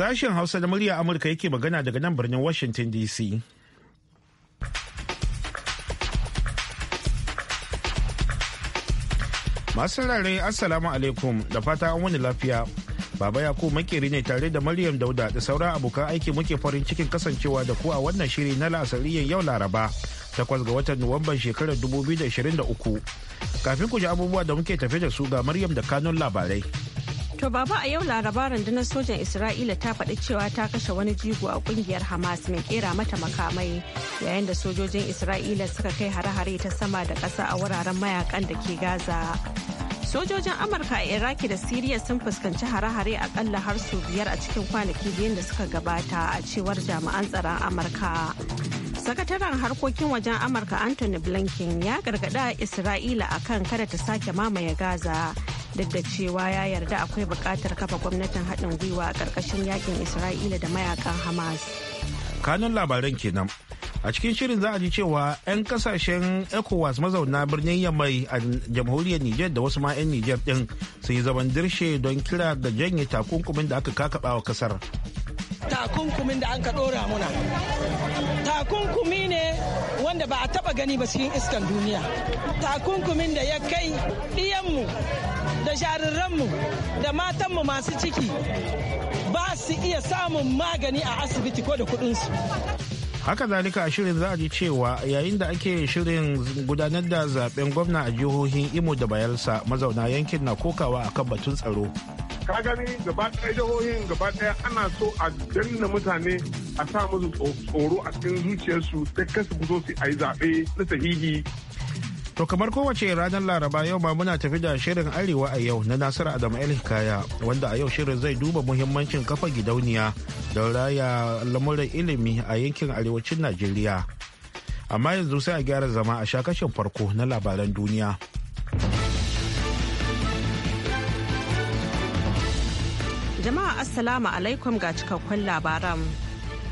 Sashen Hausa da murya Amurka yake magana daga nan birnin Washington DC. Masu rarrai Assalamu alaikum da fata an wani lafiya. Baba yakub makeri ne tare da Maryam Dauda da sauran abokan aiki muke farin cikin kasancewa da ku a wannan shiri na la'asariyar yau Laraba. takwas ga watan Nuwamban shekarar 2023. Kafin ku ji abubuwa da muke tafe da su ga Maryam da kanun labarai. To baba a yau laraba rundunar sojan Isra'ila ta faɗi cewa ta kashe wani jigo a kungiyar Hamas mai kera mata makamai yayin da sojojin Isra'ila suka kai hare-hare ta sama da ƙasa a wuraren mayakan da ke Gaza. Sojojin Amurka a Iraki da Siriya sun fuskanci hare-hare akalla har su biyar a cikin kwanaki biyun da suka gabata a cewar jami'an tsaron Amurka. Sakataren harkokin wajen Amurka Anthony Blinken ya gargada Isra'ila akan kada ta sake mamaye Gaza. duk da cewa ya yarda akwai bukatar kafa gwamnatin haɗin gwiwa a ƙarƙashin yakin isra'ila da mayakan hamas kanun labaran kenan a cikin shirin za a ji cewa 'yan kasashen ecowas mazauna birnin yamai a jamhuriyar niger da wasu ma 'yan niger din sun yi zaman dirshe don kira ga janye takunkumin da aka kakaba wa kasar takunkumin da an ka dora muna takunkumi ne wanda ba a taba gani ba cikin iskan duniya takunkumin da ya kai ɗiyanmu da jariranmu da matanmu masu ciki ba su iya samun magani a asibiti ko da kuɗinsu. haka zalika a shirin za a ji cewa yayin da ake shirin gudanar da zaben gwamna a jihohin imo da bayelsa mazauna yankin na kokawa a kan batun tsaro ka gani gaba ɗaya jihohin gaba ɗaya ana so a danna mutane a sa musu tsoro a cikin zuciyarsu sai kasu su a yi zaɓe na sahihi To kamar kowace ranar Laraba yau ma muna tafi da shirin Arewa a yau na Nasiru Adamu El Hikaya wanda a yau shirin zai duba muhimmancin kafa gidauniya da raya lamurin ilimi a yankin arewacin Najeriya. Amma yanzu sai a gyara zama a shakashin farko na labaran duniya. Jama'a Assalamu alaikum ga cikakkun labaran.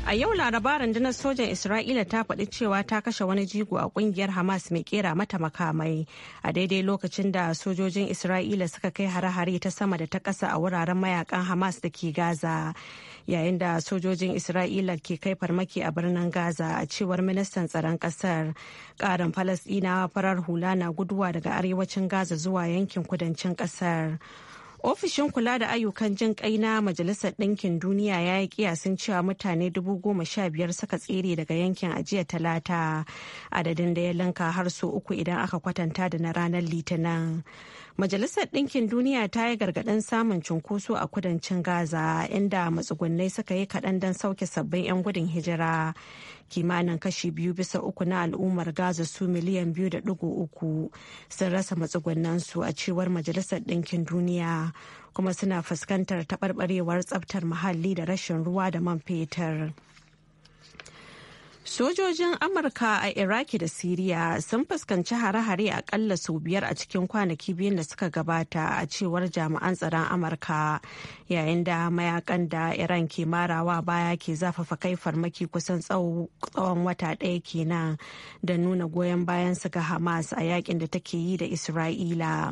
A yau laraba rundunar sojan Isra'ila ta faɗi cewa ta kashe wani jigo a ƙungiyar Hamas mai kera mata makamai a daidai lokacin da sojojin Isra'ila suka kai hare-hare ta sama da ta ƙasa a wuraren mayakan Hamas da ke Gaza. Yayin da sojojin Isra'ila ke kai farmaki a birnin Gaza a cewar ministan tsaron ƙasar. Ƙarin Falasɗinawa farar hula na guduwa daga arewacin Gaza zuwa yankin kudancin ƙasar. ofishin kula da ayyukan jin kai na majalisar ɗinkin duniya ya yi kiyasin cewa mutane dubu goma sha biyar suka tsere daga yankin ajiya talata adadin da ya linka har so uku idan aka kwatanta da na ranar litinin majalisar ɗinkin duniya ta yi gargaɗin samun cunkoso a kudancin gaza inda matsugunnai suka yi kaɗan don sauke sabbin 'yan gudun hijira kimanin kashi biyu bisa uku na al'ummar gaza su miliyan biyu da dugu uku sun rasa matsugunansu a cewar majalisar ɗinkin duniya kuma suna fuskantar taɓarɓarewar tsabtar muhalli da rashin ruwa da man fetur. Sojojin Amurka a Iraki da Siriya sun fuskanci hare-hare akalla sau biyar a cikin kwanaki biyun da suka gabata a cewar jami'an tsaron Amurka yayin da mayakan da Iran ke marawa baya ke zafafa kai farmaki kusan tsawon wata ɗaya kenan da nuna goyon bayan su ga Hamas a yakin da take yi da Isra'ila.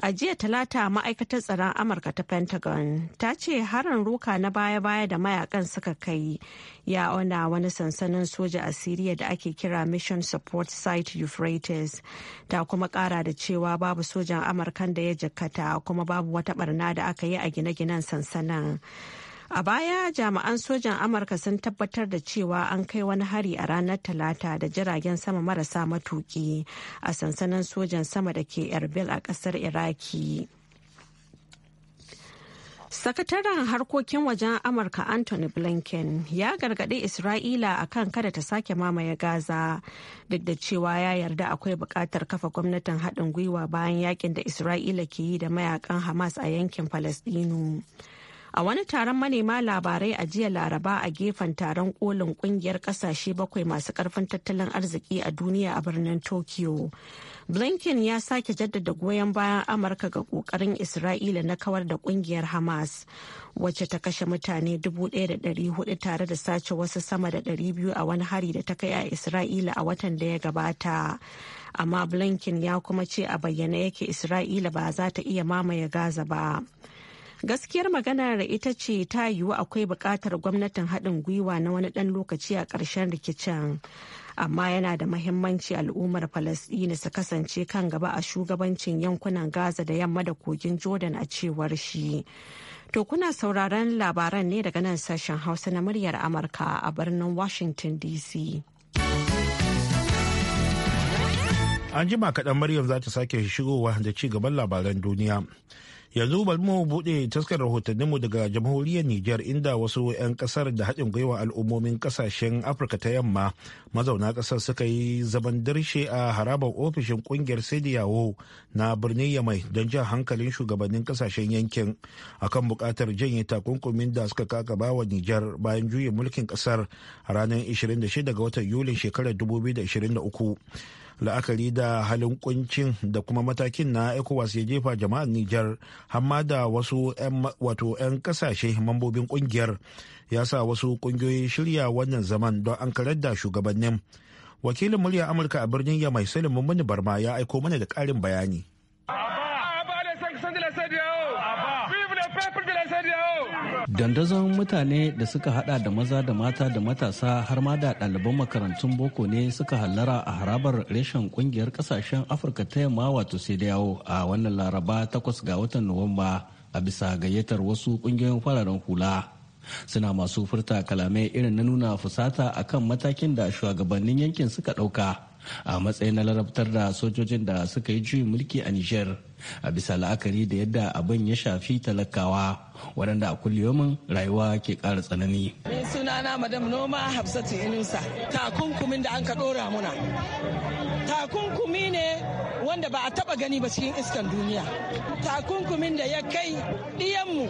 A jiya talata ma'aikatar tsaron Amurka ta Pentagon ta ce harin roka na baya-baya da mayakan suka kai ya auna wani sansanin soja a syria da ake kira Mission Support Site Euphrates ta kuma kara da cewa babu sojan Amurkan da ya jikkata kuma babu wata barna da aka yi a gine-ginen sansanin. A baya jami'an sojan Amurka sun tabbatar da cewa an kai wani hari a ranar Talata da jiragen sama marasa matuki a sansanin sojan sama da ke Erbil a kasar Iraki. Sakataren harkokin wajen Amurka Anthony Blinken ya gargaɗi Isra'ila a kan kada ta sake mamaye Gaza duk da cewa ya yarda akwai buƙatar kafa gwamnatin haɗin gwiwa bayan yakin da Isra'ila ke yi da mayakan Hamas a yankin Falasɗinu. A wani taron manema labarai a jiya Laraba a gefen taron kolin kungiyar kasashe bakwai masu karfin tattalin arziki a duniya a birnin Tokyo. Blinken ya sake jaddada goyon bayan Amurka ga kokarin Isra'ila na kawar da kungiyar Hamas wacce ta kashe mutane 1,400 tare da sace wasu sama da 200 a wani hari da ta kai a Isra'ila a watan da ya gabata. Amma Blinken ya kuma ce a bayyane yake Isra'ila ba za ta iya mamaye Gaza ba. gaskiyar magana da ita ce ta yiwu akwai bukatar gwamnatin haɗin gwiwa na wani ɗan lokaci a ƙarshen rikicin amma yana da mahimmanci al'ummar falasɗina su kasance kan gaba a shugabancin yankunan gaza da yamma da kogin jordan a cewar shi to kuna sauraron labaran ne daga nan sashen hausa na muryar amurka a birnin washington dc an jima kaɗan maryam za ta sake shigowa da ci gaban labaran duniya yanzu bari mu buɗe taskar rahotanninmu daga jamhuriyar Nijar inda wasu 'yan kasar da haɗin gwiwa al'ummomin kasashen Afirka ta yamma mazauna ƙasar suka yi zaman darshe a harabar ofishin ƙungiyar Sediyawo na birnin Yamai don jan hankalin shugabannin kasashen yankin akan buƙatar janye takunkumin da suka kakaba wa Nijar bayan juyin mulkin ƙasar a ranar 26 ga watan Yulin shekarar 2023. la'akari da halin kuncin da kuma matakin na ecowas ya jefa jama'ar har hamma da wasu wato 'yan kasashe mambobin kungiyar ya sa wasu kungiyoyi shirya wannan zaman don an karar da shugabannin wakilin murya amurka a birnin yamai salimin mini barma ya aiko mana da ƙarin bayani dandazon mutane da suka hada da maza da mata da matasa har ma da ɗaliban makarantun boko ne suka hallara a harabar reshen kungiyar kasashen afirka ta yamma wato sai da yawo a wannan laraba takwas ga watan nuwamba a bisa gayyatar wasu kungiyoyin fararen hula suna masu furta kalamai irin na nuna fusata akan matakin da shugabannin yankin suka ɗauka a matsayin na larabtar da sojojin da suka yi juyin mulki a Nijar a bisa la'akari da yadda abin ya shafi talakawa waɗanda a kulliyomin rayuwa ke ƙara tsanani. Ni sunana madam noma Hafsatu ilusa takunkumin da an ka ɗora muna. Takunkumi ne wanda ba a taɓa gani ba cikin iskan duniya. Takunkumin da ya kai ɗiyanmu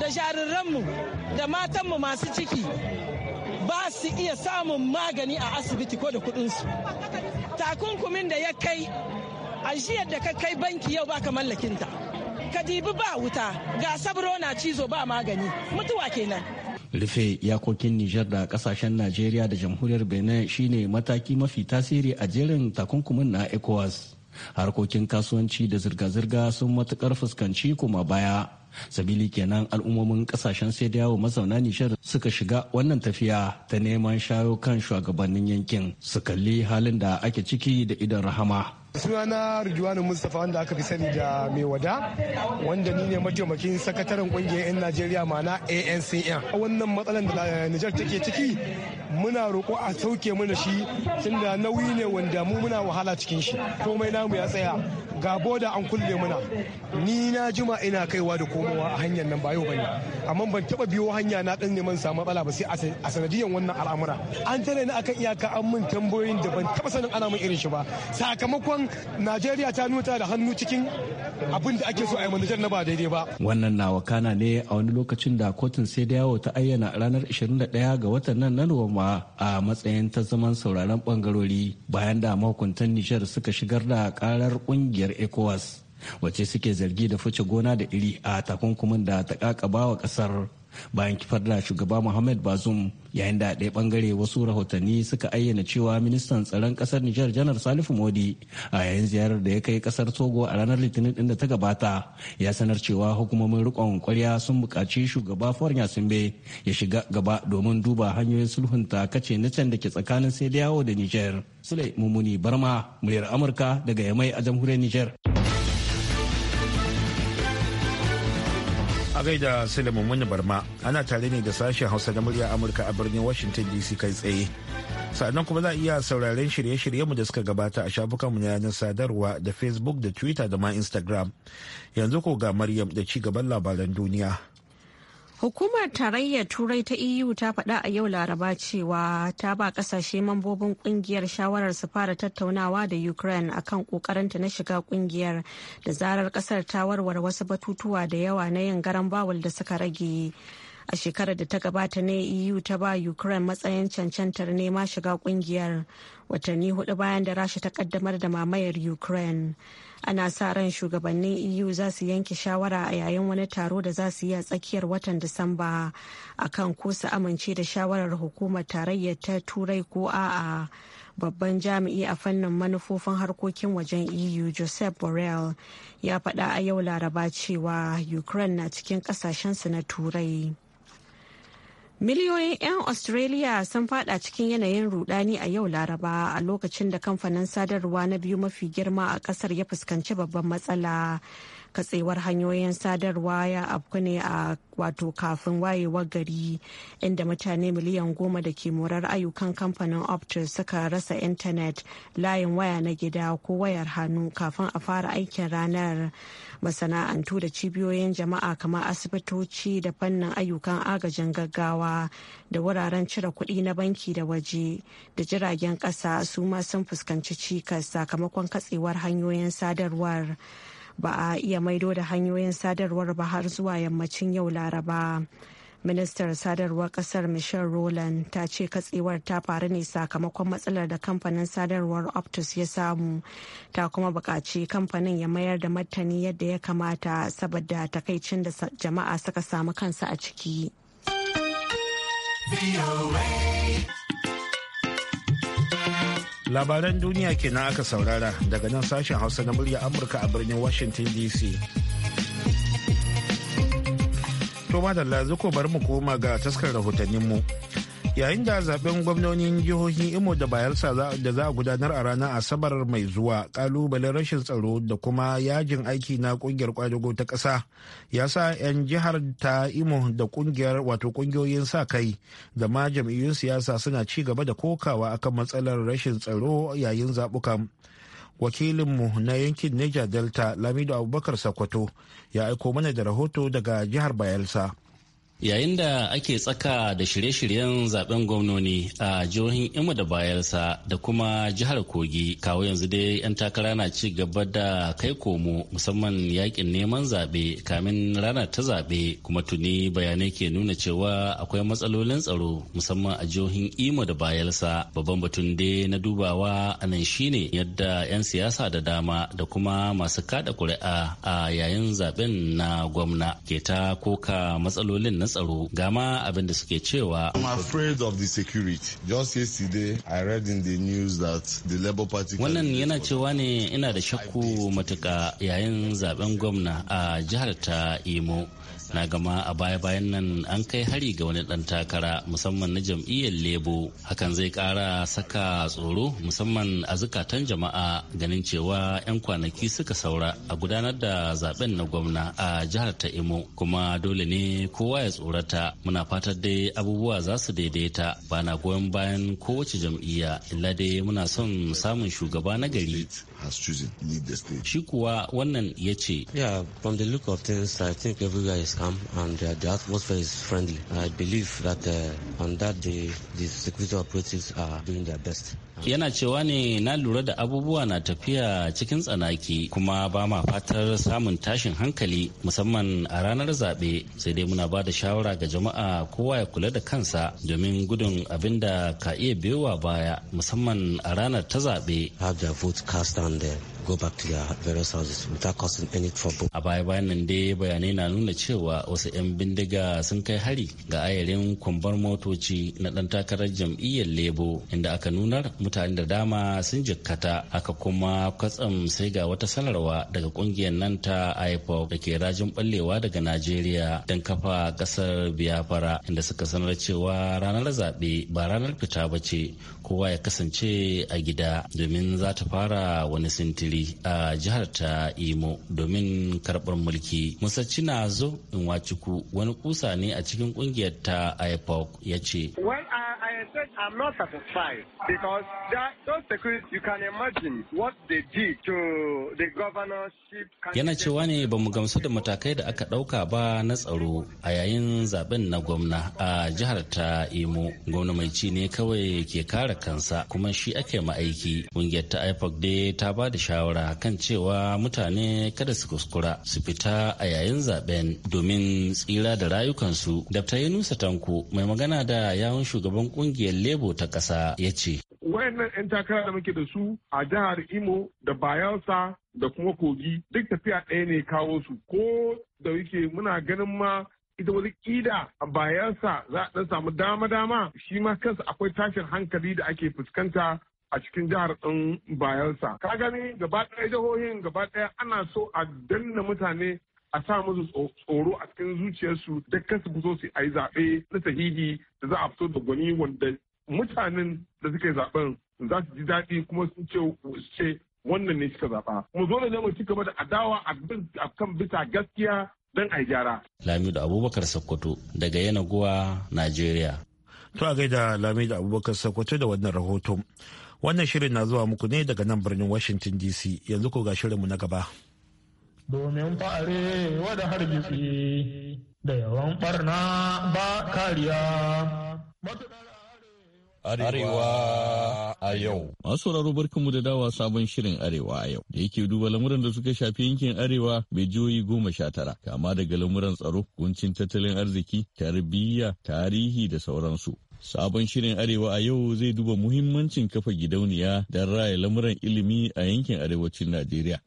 da jariranmu da matanmu masu ciki ba su iya samun magani a asibiti ko da su takunkumin da ya kai ajiyar da ka kai banki yau baka mallakinta ka dibi ba wuta ga sabro na cizo ba magani mutuwa kenan rufe yakokin Nijar da kasashen Najeriya da jamhuriyar Benin shine mataki mafi tasiri a jerin takunkumin na ECOWAS. harkokin kasuwanci da zirga-zirga sun matukar fuskanci kuma baya sabili kenan al'ummomin ƙasashen sai da yawo mazauna nishar suka shiga wannan tafiya ta neman shayo kan shugabannin yankin su kalli halin da ake ciki da idan rahama sunana Rijwanu Mustapha wanda aka fi sani da mai wada wanda ni ne mataimakin sakataren kungiyar 'yan Najeriya mana ANCN. Wannan matsalar da eh, Nijar take ciki muna roƙo a sauke mana shi tunda nauyi ne wanda mu muna wahala cikin shi komai namu ya tsaya ga boda an kulle muna ni na jima ina kaiwa da komowa a hanyar nan ba yau bane amma ban taba biyo hanya na dan neman samu matsala ba sai a sanadiyan wannan al'amura an tare ni akan iyaka an mun tambayoyin da ban taba sanin ana mun irin shi ba sakamakon najeriya ta nuta da hannu cikin abin da ake so a yi manajar na ba daidai ba wannan na wakana ne a wani lokacin da kotun sai da yawo ta ayyana ranar 21 ga watan nan na nuwamba a matsayin ta zaman sauraron bangarori bayan da mahukuntan nijar suka shigar da karar kungiyar ecowas wace suke zargi da fice gona da iri a takunkumin da ta kakaba wa kasar bayan kifar da shugaba Mohamed Bazoum yayin da ɗaya bangare wasu rahotanni suka ayyana cewa ministan tsaron ƙasar Nijar Janar Salifu Modi a yayin ziyarar da ya kai ƙasar Togo a ranar Litinin ɗin da ta gabata ya sanar cewa hukumomin riƙon kwarya sun buƙaci shugaba Foreign Yasimbe ya shiga gaba domin duba hanyoyin sulhunta kace na can da ke tsakanin sai da yawo da Nijar. Sule Mumuni Barma, muryar Amurka daga Yamai a jamhuriyar Nijar. da Suleiman Muni Barma ana tare ne da sashen Hausa na murya Amurka a birnin Washington DC kai tsaye. Sannan kuma za a iya sauraren shirye mu da suka gabata a shafukanmu na yanar sadarwa da Facebook da Twitter da ma Instagram. Yanzu ko ga Maryam da ci gaban labaran duniya. Hukumar Tarayyar Turai ta EU ta faɗa a yau Laraba cewa ta ba ƙasashe mambobin ƙungiyar shawarar su fara tattaunawa da Ukraine akan ƙoƙarinta na shiga ƙungiyar da zarar ƙasar ta warware wasu batutuwa da yawa na yin garan bawul da suka rage. A shekarar da ta gabata ne EU ta ba Ukraine matsayin cancantar nema shiga ƙungiyar watanni hudu bayan da Rasha ta ƙaddamar da mamayar Ukraine. ana sa ran shugabannin eu za su yanke shawara a yayin wani taro da za su yi a tsakiyar watan disamba akan ko su amince da shawarar hukumar tarayyar ta turai ko a'a babban jami'i a fannin manufofin harkokin wajen eu joseph borrell ya faɗa a yau laraba cewa ukraine na cikin ƙasashensu na turai Miliyoyin 'yan Australia sun fada cikin yanayin rudani a yau Laraba a lokacin da kamfanin sadarwa na biyu mafi girma a kasar ya fuskanci babban matsala. Katsewar hanyoyin sadarwa ya afku ne a wato kafin wayewar gari inda mutane miliyan goma da ke morar ayyukan kamfanin Optus suka rasa intanet layin waya na gida ko wayar hannu kafin a fara aikin ranar. masana'antu da cibiyoyin jama'a kamar asibitoci da fannin ayyukan agajin gaggawa da wuraren cire kuɗi na banki da waje da jiragen ƙasa su ma sun fuskanci cikas sakamakon katsewar hanyoyin sadarwar ba a iya maido da hanyoyin sadarwar ba har zuwa yammacin yau laraba ministar sadarwar kasar michelle roland ta ce katsewar ta faru ne sakamakon matsalar da kamfanin sadarwar optus ya samu ta kuma bukaci kamfanin ya mayar da martani yadda ya kamata saboda takaicin da jama'a suka samu kansa a ciki. labaran duniya kenan aka saurara daga nan sashen hausa na murya amurka a birnin washington dc To madalla zuko bari mu koma ga taskar rahotanninmu. Yayin da zaben gwamnonin jihohin Imo da Bayelsa da za a gudanar a ranar Asabar mai zuwa kalubalen rashin tsaro da kuma yajin aiki na kungiyar kwadago ta ƙasa ya sa 'yan jihar ta Imo da kungiyar wato kungiyoyin sa kai da ma jam'iyyun siyasa suna ci gaba da kokawa akan matsalar rashin tsaro yayin zaɓukan. wakilinmu na yankin Niger Delta Lamido Abubakar Sokoto ya aiko mana da rahoto daga jihar Bayelsa. Yayin da ake tsaka da shirye-shiryen zaben gwamnoni a jihohin Imo da bayelsa da kuma jihar Kogi, kawo yanzu dai 'yan takara na ci gaba da kai komo musamman yakin neman zaɓe kamin rana ta zaɓe kuma tuni bayanai ke nuna cewa akwai matsalolin tsaro musamman a jihohin Imo da bayelsa babban batun dai na dubawa a nan shine yadda 'yan siyasa da dama da kuma masu kada kuri'a a yayin zaben na gwamna ke ta koka matsalolin na tsaro ga ma abin da suke cewa I'm afraid of the security just yesterday I read in the news that the Labour Party wannan yana cewa ne ina da shakku matuka yayin zaben gwamna a jihar ta Imo na gama a baya-bayan nan an kai hari ga wani dan takara musamman na jam'iyyar lebo hakan zai kara saka tsoro musamman a zukatan jama'a ganin cewa 'yan kwanaki suka saura a gudanar da zaben na gwamna a jihar ta imo kuma dole ne kowa ya tsorata muna fatar dai abubuwa za su daidaita ba na goyon bayan kowace jam'iyya illa dai muna son samun shugaba na gari shi kuwa wannan ya ce and uh, the atmosphere is friendly. I believe that uh, on that day, the security operatives are doing their best. yana cewa ne na lura da abubuwa na tafiya cikin tsanaki kuma ba ma fatar samun tashin hankali musamman a ranar zaɓe sai dai muna ba da shawara ga jama'a kowa ya kula da kansa domin gudun abin da ka iya biyowa baya musamman a ranar ta zaɓe uh, go back A baya bayan nan dai bayanai na nuna cewa wasu 'yan bindiga sun kai hari ga ayarin kwambar motoci na ɗan takarar jam'iyyar Lebo inda aka nunar mutane da dama sun jikkata aka kuma kwatsam sai ga wata sanarwa daga kungiyar nan ta ipop da ke rajin ballewa daga najeriya don kafa kasar biafra inda suka sanar cewa ranar zaɓe ba ranar fita ba ce kowa ya kasance a gida domin za ta fara wani sintiri a jihar ta imo domin karɓar mulki musa cinazo in wani kusa ne a cikin kungiyar ta ipop ya ce I, I said I'm not satisfied because that, those security, you can imagine what they did to the governorship. Yana cewa ne ba mu gamsu da matakai da aka ɗauka ba na tsaro a yayin zaben na gwamna a jihar ta Imo. Gwamna mai ci ne kawai ke kare kansa kuma shi ake ma'aiki. Ƙungiyar ta IFOC dai ta ba da shawara kan cewa mutane kada su kuskura su fita a yayin zaben domin tsira da rayukansu. ya Yunusa Tanko mai magana da yawun shugaban shugaban kungiyar lebo ta ƙasa ya ce. Wayannan 'yan takara da muke da su a jihar Imo da Bayelsa da kuma Kogi duk tafiya ɗaya ne kawo su ko da yake muna ganin ma ita wani ƙida a Bayelsa za a ɗan samu dama-dama shi ma kansa akwai tashin hankali da ake fuskanta a cikin jihar ɗin Bayelsa. Ka gani gaba ɗaya jihohin gaba ɗaya ana so a danna mutane a sa musu tsoro a cikin zuciyarsu da kansu zo su ayi zaɓe na sahihi da za a fito da gwani wanda mutanen da suka yi zaɓen za su ji daɗi kuma sun ce wannan ne suka zaɓa. Mu zo da zama ci gaba da adawa a kan bisa gaskiya don a gyara. Lamido Abubakar Sokoto daga Yanagowa, Najeriya. To a gaida Lamido Abubakar Sokoto da wannan rahoton. Wannan shirin na zuwa muku ne daga nan birnin Washington DC yanzu ko ga shirinmu na gaba. domin fa'are wada hargitsi da yawan barna ba kariya. Arewa a yau. Masu sauraro barkanmu da dawa sabon shirin Arewa a yau da yake duba lamuran da suka shafi yankin Arewa mai jihohi goma sha tara kama daga lamuran tsaro, kuncin tattalin arziki, tarbiyya, tarihi da sauransu. Sabon shirin Arewa a yau zai duba muhimmancin kafa gidauniya don raya lamuran ilimi a yankin arewacin Najeriya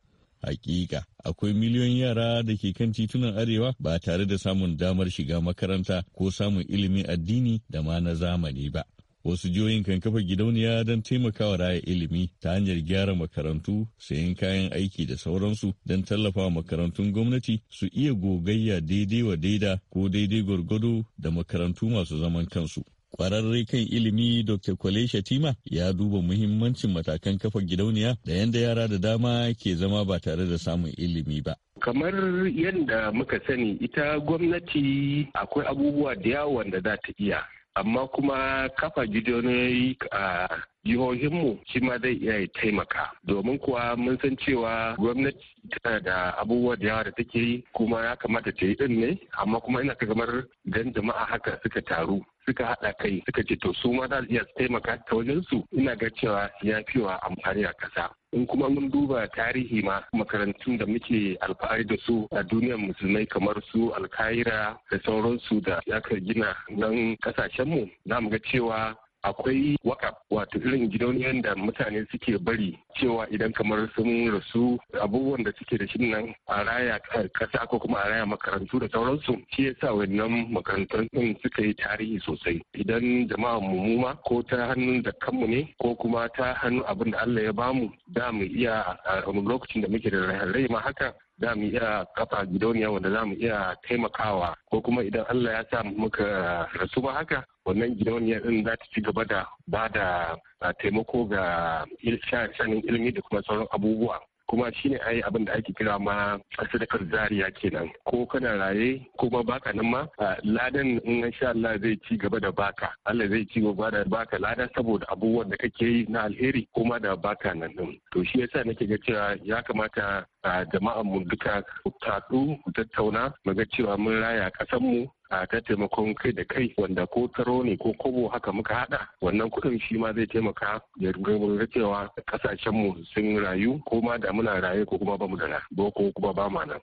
hakika akwai miliyoyin yara da ke kan titunan arewa ba tare da samun damar shiga makaranta ko samun ilimin addini da ma na zamani ba wasu jihohin kan kafa gidauniya don taimakawa raya ilimi ta hanyar gyara makarantu sayan kayan aiki da sauransu don wa makarantun gwamnati su iya gogayya daidai wa daida ko daidai gwargwado da makarantu masu zaman kansu Kwararre kan ilimi Dr. Kwale Shatima ya duba muhimmancin matakan kafa gidauniya da yadda yara da dama ke zama ba tare da samun ilimi ba. kamar yadda muka sani ita gwamnati akwai abubuwa da yawa wanda za ta iya amma kuma kafa gidauniyoyi a jihohinmu shi ma zai iya taimaka domin kuwa mun san cewa gwamnati tana da abubuwa da yawa da take yi kuma ya kamata ta yi din ne amma kuma ina kamar dan jama'a haka suka taru suka haɗa kai suka ce to su ma za su iya taimaka ta wajen su ina ga cewa ya fi wa amfani a ƙasa in kuma mun duba tarihi ma makarantun da muke alfahari da su a duniyar musulmai kamar su alkaira da sauransu da aka gina nan kasashenmu za mu ga cewa akwai waƙa wato irin gidauniyar da mutane suke bari cewa idan kamar sun rasu abubuwan da suke da shi nan a raya kasa ko kuma a raya makarantu da sauransu shi yasa wannan makarantun din suka yi tarihi sosai idan jama'a mu ma ko ta hannun da kanmu ne ko kuma ta hannun abin da Allah ya bamu da mu iya a lokacin da muke da rai ma haka za mu iya kafa gidauniya wanda za mu iya taimakawa ko kuma idan Allah ya sa muka rasu ba haka wannan gidauniya din za ta ci gaba da ba da ah, taimako ga shanin ilimi da kuma sauran abubuwa kuma shine ayi abin da ake kira ma sadakar zariya kenan ko kana raye ko ma baka nan ma ladan in sha Allah zai ci gaba da baka Allah zai ci gaba da baka lada saboda abubuwan da kake yi na alheri kuma da baka nan din to shi yasa nake ga cewa ya kamata jama'an mu duka taɗu tattauna mu ga cewa mun raya ƙasar mu A ta taimakon kai da kai wanda ko taro ne ko kobo haka muka hada wannan kuɗin shi ma zai taimaka ya da cewa kasashenmu sun rayu ko ma da muna raye ko kuma bamu da ko kuma ba ma nan.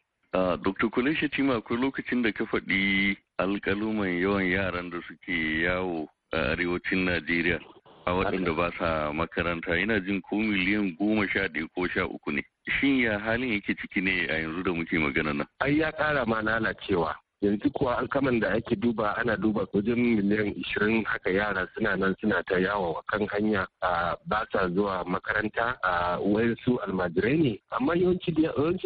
Dr. Kule cima akwai lokacin da ka faɗi alkaluman yawan yaran da suke yawo a arewacin Najeriya a waɗanda ba sa makaranta yana jin ko miliyan goma sha ɗaya ko sha uku ne. Shin ya halin yake ciki ne a yanzu da muke magana nan? Ai ya ƙara ma lalacewa yanzu kuwa alkaman da ake duba ana duba wajen miliyan ishirin haka yara suna nan suna ta yawo a kan hanya ba sa zuwa makaranta a wayansu almajirai ne amma yawanci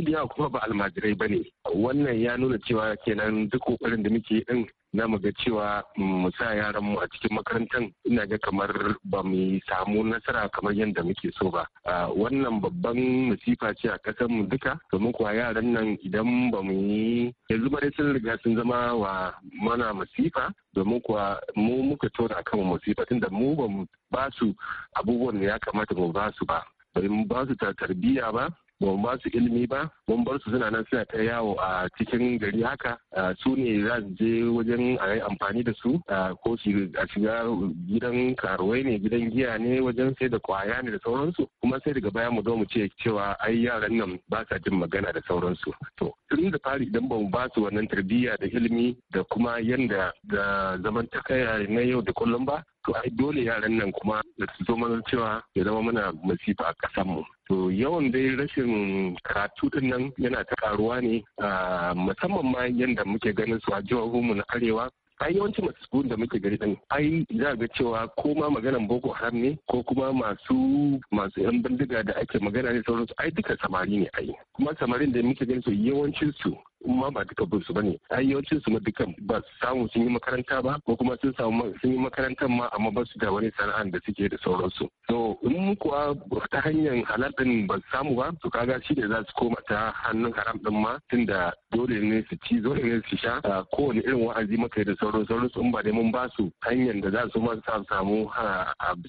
da yawa kuma ba almajirai ba ne wannan ya nuna cewa kenan duk kokarin da muke din na mu ga cewa mu sa yaran mu a cikin makarantar ina ga kamar ba mu samu nasara kamar yadda muke so ba wannan babban masifa ce a kasar mu duka domin kuwa yaran nan idan ba mu yi yanzu ba dai sun riga sun zama wa mana masifa. domin kuwa mu muka tona kan masifa. tunda mu ba mu ba su abubuwan da ya kamata mu ba su ba bari mu ba su ta tarbiyya ba ba mu ba su ilimi ba mun bar su suna nan suna ta yawo a cikin gari haka su ne za su je wajen a yi amfani da su ko su a shiga gidan karuwai ne gidan giya ne wajen sai da kwaya ne da sauransu kuma sai daga baya mu zo mu ce cewa ai yaran nan ba sa jin magana da sauransu to tun da fari idan ba mu ba su wannan tarbiyya da ilimi da kuma yanda da zaman takaya na yau da kullum ba to ai dole yaran nan kuma da su zo mana cewa ya zama mana masifa a kasar mu to yawan dai rashin karatu din nan yana ta karuwa ne a musamman ma yadda muke ganin su a jihohinmu na arewa ai yawancin masu sukun da muke gari din ai za ga cewa ko ma maganan boko haram ne ko kuma masu masu yan bindiga da ake magana ne sauransu ai duka samari ne ai kuma samarin da muke gani su yawancin su Kuma ba duka bin su bane ai yawancin su ma dukan ba samu sun yi makaranta ba ko kuma sun samu sun yi makarantar ma amma ba su da wani sana'a da suke da sauransu to in kuwa ta hanyar halal din ba samu ba to kaga shi ne za su koma ta hannun haram din ma tunda dole ne su ci dole ne su sha kowane irin wa'azi maka da sauran su in ba dai mun ba su hanyar da za su ma su samu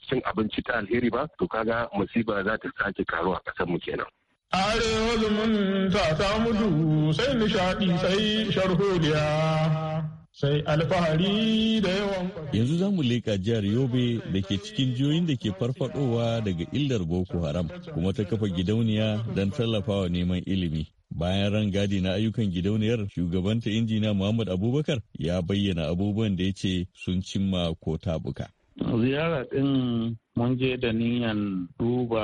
cin abinci ta alheri ba to kaga musiba za ta sake karuwa a kasar mu kenan Arewa zumunta ta mudu sai nishadi sai sharholiya. Sai alfahari da yawan Yanzu za mu leƙa jihar Yobe da ke cikin jihohin da ke farfadowa daga illar Boko Haram kuma ta kafa gidauniya don tallafawa neman ilimi. bayan rangadi na ayyukan gidauniyar shugabanta injina muhammad abubakar ya bayyana abubuwan da ya ce sun cimma ko tabuka ziyara ɗin mun je da niyan duba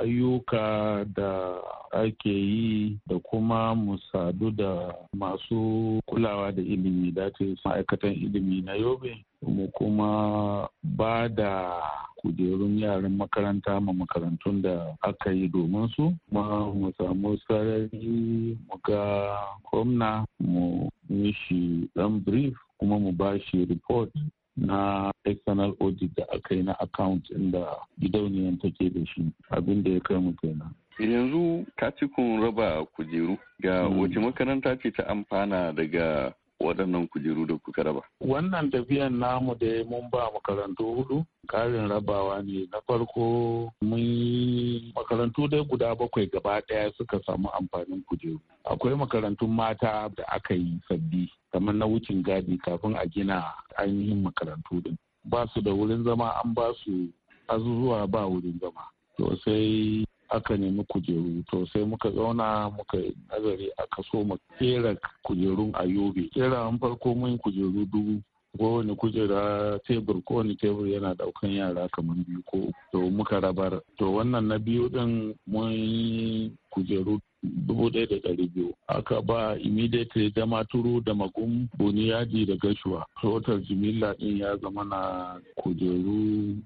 ayyuka da ake yi da kuma mu sadu da masu kulawa da ilimi dace ma'aikatan ilimi na yobe mu kuma ba da kujerun yaran makaranta ma makarantun da aka yi domin su ma mu samu sarari mu ga gwamna mu mishi dan brief kuma mu ba shi report na external audit da aka yi na account inda gidauniyan take da shi abin da ya kai mu kenan yanzu ka kun raba kujeru ga hmm. wace makaranta ce ta amfana daga waɗannan kujeru da kuka raba? Wannan tafiyan namu da mun ba makarantu hudu Karin rabawa ne na farko mun yi makarantu dai guda bakwai gaba ɗaya suka samu amfanin kujeru. Akwai makarantun mata da aka yi sabbi kamar na wucin gadi kafin a gina ainihin makarantu din. Ba su da wurin zama an ba su azuzuwa ba wurin zama. To sai aka nemi kujeru to sai muka zauna muka nazari a kaso ma kera kujerun a yobe kera an farko mun kujeru dubu kowane kujera tebur kowane tebur yana daukan yara kamar biyu ko to muka rabar to wannan na biyu din mun kujeru biyu aka ba immediate da maturu da magun buniyadi da gashuwa total jimilla din ya zama na kujeru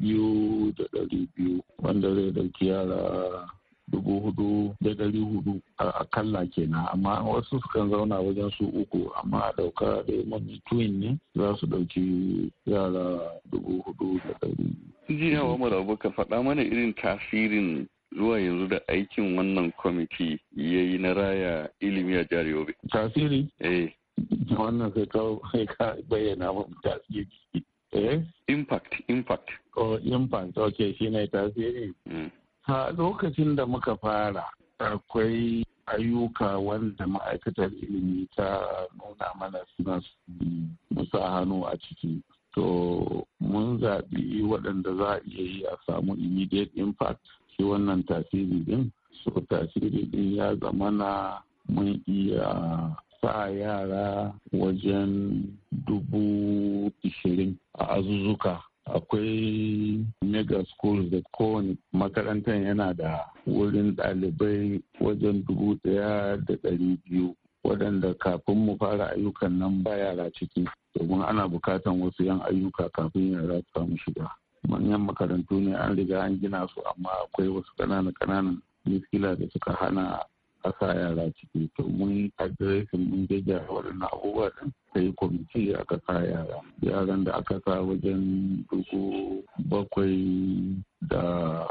biyu wanda zai dauki yara dubu hudu da dari hudu a kalla kenan amma wasu sukan zauna wajen su uku amma dauka da mami twin ne za su dauki yara dubu hudu da dari. Jiya Umar Abubakar faɗa mana irin tasirin zuwa yanzu da aikin wannan kwamiti ya yi na raya ilimi a jihar Yobe? Tasiri? Eh. Wannan sai ka bayyana mu tasiri. Eh? Impact, impact. Oh, impact, ok, shi ne tasiri. Mm. A lokacin da muka fara, akwai ayyuka wanda ma'aikatar ilimi ta nuna mana suna musa hannu a ciki. To, mun zaɓi waɗanda za a iya yi a samu immediate impact. shi wannan tasiri din so tasiri ɗin ya zamana mun iya sa yara wajen dubu ishirin a azuzuka akwai mega schools da kowane makarantar yana da wurin ɗalibai wajen dubu ɗaya da ɗari biyu waɗanda kafin mu fara ayyukan nan ba yara ciki domin ana bukatan wasu yan ayyuka kafin yara su samu shiga manyan makarantu ne an riga an gina su amma akwai wasu ƙananan ƙananan miskila da suka hana a sa yara ciki to mun adireshin mun jajjara waɗannan abubuwa ɗin sai kwamiti aka sa yara yaran da aka sa wajen dubu bakwai da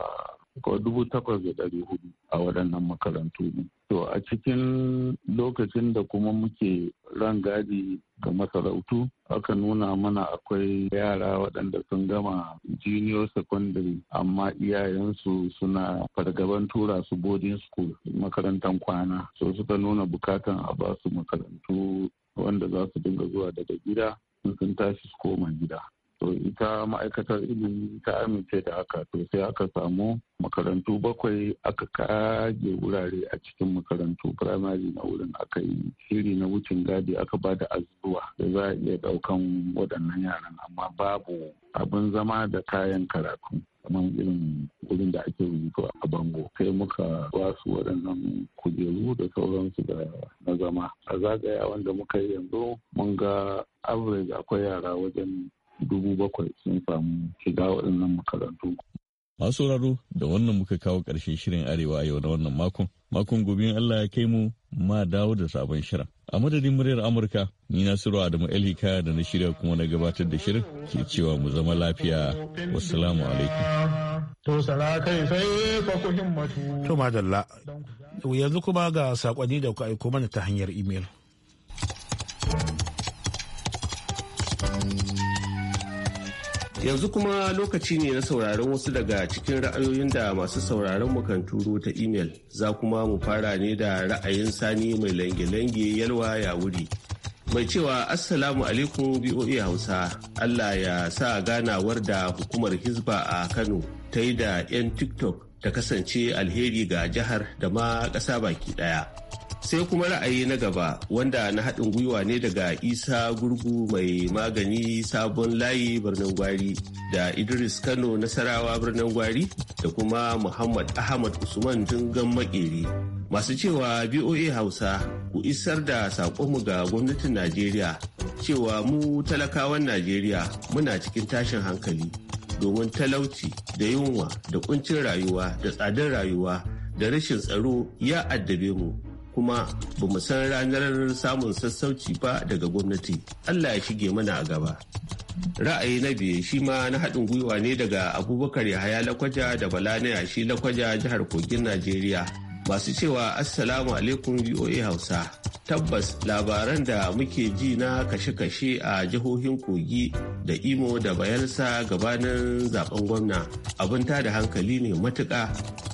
dubu takwas da ɗari hudu a waɗannan makarantu ne. To a cikin lokacin da kuma muke ran gadi ga masarautu aka nuna mana akwai yara waɗanda sun gama junior secondary amma iyayensu suna fargaban tura su boarding school makarantar kwana so suka nuna bukatan a basu makarantu wanda za su dinga zuwa daga gida sun tashi su koma gida to ita ma'aikatar ilimi ta amince da haka to sai aka samu makarantu bakwai aka kage wurare a cikin makarantu firamare na wurin aka yi shiri na wucin gadi aka ba da azuwa da za a iya daukan waɗannan yaran amma babu abin zama da kayan karatu kamar irin wurin da ake rubutu a bango sai muka wasu waɗannan kujeru da sauransu da na zama a zagaya wanda muka yi yanzu mun ga average akwai yara wajen dubu bakwai sun samu shiga waɗannan makarantu. Masu sauraro da wannan muka kawo ƙarshen shirin Arewa yau na wannan makon. Makon gobe Allah ya kai mu ma dawo da sabon shirin. A madadin muryar Amurka, ni na Siro Adamu El da na shirya kuma na gabatar da shirin ke cewa mu zama lafiya. Wassalamu alaikum. To sai fa ku To madalla. Yanzu kuma ga sakonni da ku aiko mana ta hanyar imel. Yanzu kuma lokaci ne na sauraron wasu daga cikin ra'ayoyin da masu sauraron mu kan turo ta imel. Za kuma mu fara ne da ra'ayin sani mai lange-lange yalwa ya wuri. Mai cewa Assalamu alaikum BOA Hausa, Allah ya sa ganawar da hukumar Hizba a Kano ta yi da 'yan TikTok ta kasance alheri ga jihar da ma ƙasa baki ɗaya. sai kuma ra'ayi na gaba wanda na haɗin gwiwa ne daga isa gurgu mai magani sabon layi birnin gwari da idris kano nasarawa birnin gwari da kuma muhammad ahmad usman jingan makeri masu cewa voa hausa ku isar da saƙonmu ga gwamnatin najeriya cewa mu talakawan najeriya muna cikin tashin hankali domin talauci da yunwa da kuncin rayuwa da tsadar rayuwa da rashin tsaro ya addabe mu kuma ba mu san ranar samun sassauci ba daga gwamnati allah ya shige mana a gaba ra'ayi na biyu shi ma na haɗin gwiwa ne daga abubakar yahaya lakwaja da bala na yashi lakwaja jihar kogin najeriya masu cewa assalamu alaikum voa hausa tabbas labaran da muke ji na kashe-kashe a jihohin kogi da imo da bayelsa gabanin zaben gwamna abin da hankali ne matuƙa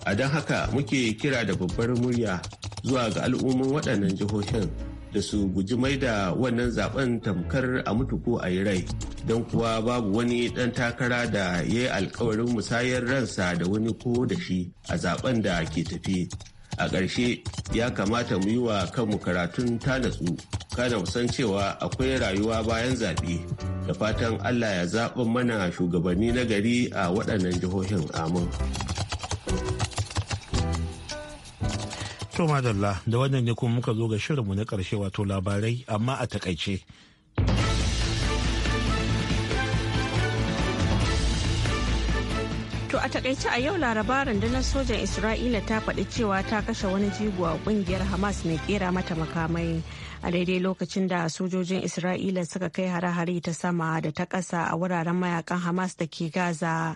a don haka muke kira da babbar murya zuwa ga al'umman waɗannan jihohin da su guji mai da wannan zaben tamkar a mutu ko a yi rai don kuwa babu wani ɗan takara da ya yi alkawarin musayar ransa da wani ko da shi a zaben da ke tafi a ƙarshe ya kamata mu yi wa kanmu karatun ta natsu kana san cewa akwai rayuwa bayan zaɓe da fatan allah ya zaɓin mana shugabanni na gari a waɗannan jihohin amin To madalla da wannan ne kuma muka zo ga shirinmu na karshe wato labarai amma a takaice. To a takaice a yau laraba rundunar sojan Isra'ila ta faɗi cewa ta kashe wani jigo a kungiyar Hamas mai kera mata makamai a daidai lokacin da sojojin Isra'ila suka kai hare-hare ta sama da ta ƙasa a wuraren mayakan Hamas da ke Gaza.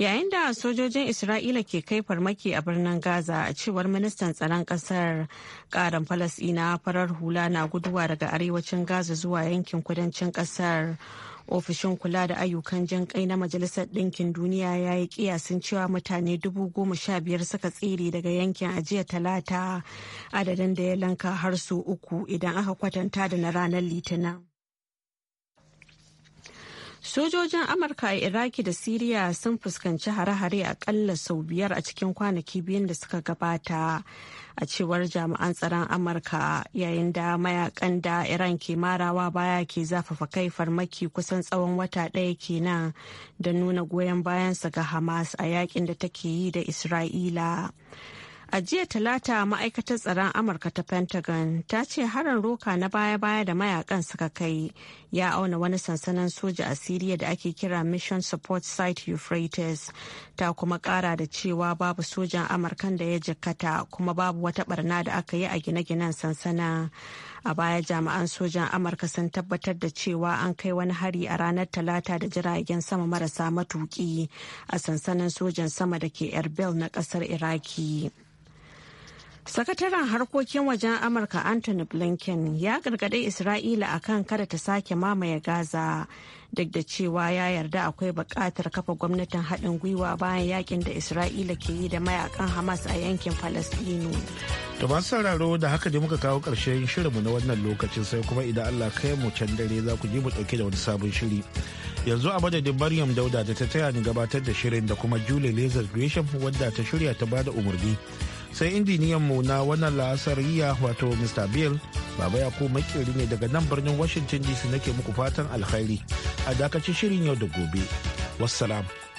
yayin da sojojin isra'ila ke kai farmaki a birnin gaza a cewar ministan tsaron kasar karan falasina farar hula na guduwa daga arewacin gaza zuwa yankin kudancin kasar ofishin kula da ayyukan jin kai na majalisar ɗinkin duniya ya yi kiyasin cewa mutane dubu goma sha biyar suka tsere daga yankin ajiya talata adadin da ya lanka har su uku idan aka kwatanta da na ranar litinin Sojojin Amurka a Iraki da Siriya sun fuskanci hare-hare akalla sau biyar a cikin kwanaki biyun da suka gabata a cewar jami'an tsaron Amurka yayin da mayakan da Iran ke marawa baya ke zafafa kai farmaki kusan tsawon wata ɗaya kenan da nuna goyon bayansa ga Hamas a yakin da take yi da Isra'ila. A jiya talata ma'aikatar tsaron Amurka ta Pentagon ta ce harin roka na baya-baya da mayakan suka kai ya auna wani sansanin soja a Siriya da ake kira Mission Support Site Euphrates ta kuma kara da cewa babu sojan Amurkan da ya jikkata kuma babu wata barna da aka yi a gine-ginen sansana A baya jami'an sojan Amurka sun tabbatar da cewa an kai wani hari a ranar Talata da jiragen sama marasa matuki a sansanin sojan sama da ke Erbil na kasar Iraki. Sakataren harkokin wajen Amurka Anthony Blinken ya gargaɗi Isra'ila akan kada ta sake mamaye Gaza duk da cewa ya yarda akwai bukatar kafa gwamnatin haɗin gwiwa bayan yakin da Isra'ila ke yi da mayakan Hamas a yankin Falasɗinu. To masu sauraro da haka dai muka kawo ƙarshen shirinmu na wannan lokacin sai kuma idan Allah kai mu can dare za ku ji mu ɗauke da wani sabon shiri. Yanzu a madadin Maryam Dauda da ta taya ni gabatar da shirin da kuma Julie Lazar Gresham wadda ta shirya ta bada umarni. sai injiniyan mu na wannan la'asariya wato mr bill baba ya ko makeri ne daga nan birnin washington dc nake muku fatan alkhairi a dakacin shirin yau da gobe wassalam